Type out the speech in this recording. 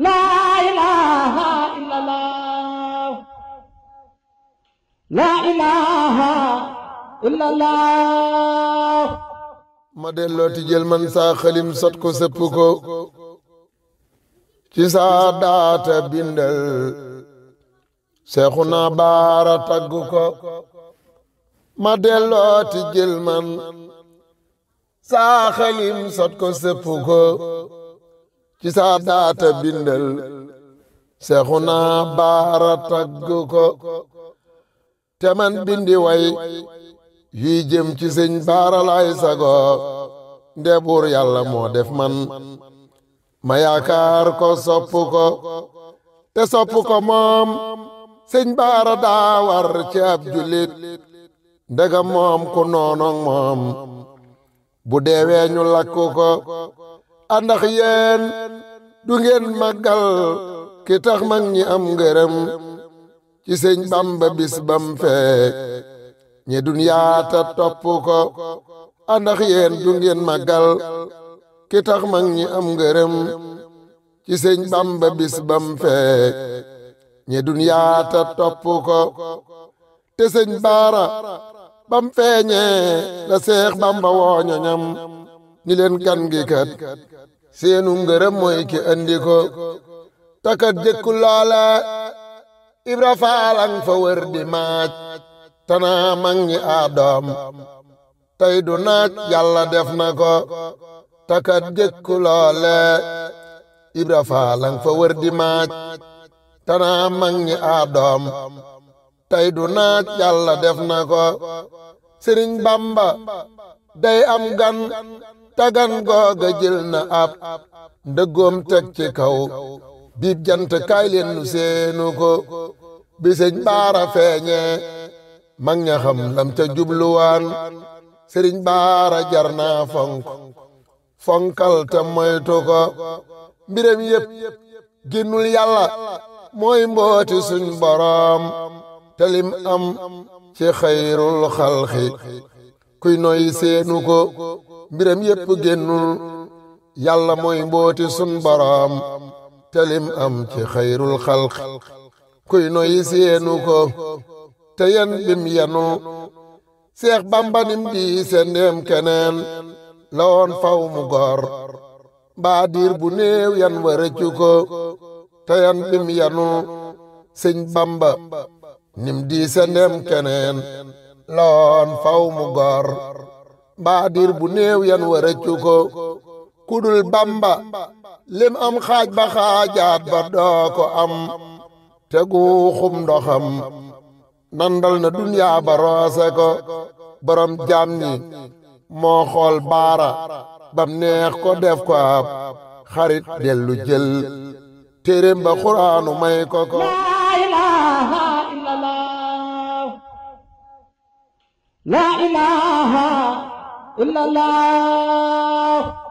laa ilaaha illallaah laa ilaaha illallaah ma jël man saa xalim sot ko sëpp ko ci saa daata bindal seexu naa baara tagg ko ma dellooti jël man saa xalim sot ko sëpp ko ci saa daata bindal Seexuna Baara tagg te man bindi way yuy jëm ci sëñ Baara laay sago nde buur yàlla moo def man ma yaakaar ko sopp ko te sopp ko moom sëñ Baara daa war ab julit ndega moom ku noonog moom bu deewee ñu andax yéen du ngeen màggal ki tax mag ñi am ngërëm ci sëñ bamba bis bam fee ñe dunyaata topp andax yéen du ngeen màggal ki tax mag ñi am ngërëm ci sëñ bamba bis bam fee ñe dunyaata topp ko te baara bam feeñee la seex bamba woo ni leen kan gi kat seenu ngërëm mooy ki andi ko takat jëkku loola ibra faalang fa wër di maaj tanaa mag ñi aadoom tey du naaj yàlla def na ko takat jëkku loole ibra faalang fa wër di maaj tanaa mag ñi aadoom tey du naaj yàlla def na ko sëriñ bamba day am gan tagan googa jël na ab ndëggoom teg ci kaw biib jant kaay leen nu seenu ko bi sëñ baara feeñee mag ña lam ca jubluwaan sëriñ baara jar naa fonk fonkal te moytu ko yëpp génnul yàlla mooy mbooti suñ boroom te lim am ci xayrul xalxi kuy noy seenu mbiram yépp génnul yàlla mooy mbooti sun boroom telim am ci xayrul xalq kuy noyi seenu ko te yen bim yenu seex bambanim di sendeem keneen la woon faw gor mbaa diir bu néew yan wa rëccu te yan bim yanu sëñ bamba nim di sendeem keneen la woon faw gor baadir bu neew yan wa rëccu ko kudul bamba lim am xaaj ba xaajaat ba doo am te guuxum ndoxam nandal na dunyaa ba roose ko borom jaam ñi baara bam neex ko def ko ab xarit dellu jël téeréem ba xuraanu may ko ko laa ilaaha illallah.